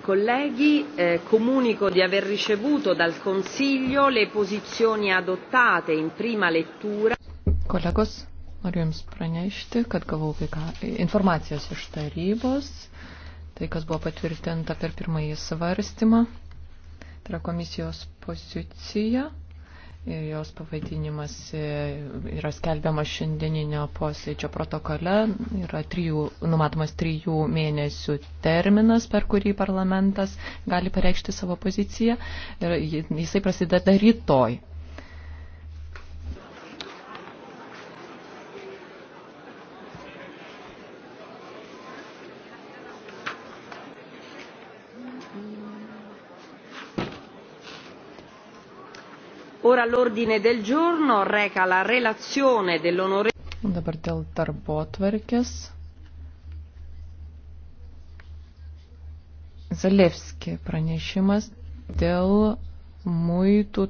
colleghi eh, comunico di aver ricevuto dal consiglio le posizioni adottate in prima lettura kolegos noriu jums pranešti kad gavau kai ką informacijos iš tarybos tai, kas buvo patvirtinta per pirmąjį svarstymą. Tai yra komisijos pozicija ir jos pavadinimas e, yra skelbiamas šiandieninio posėdžio protokole. Yra trijų, numatomas trijų mėnesių terminas, per kurį parlamentas gali pareikšti savo poziciją ir jisai prasideda rytoj. Ora l'ordine del giorno reca la relazione dell'onorevole. Dabar dėl darbo tvarkės. Zalevski pranešimas dėl muitų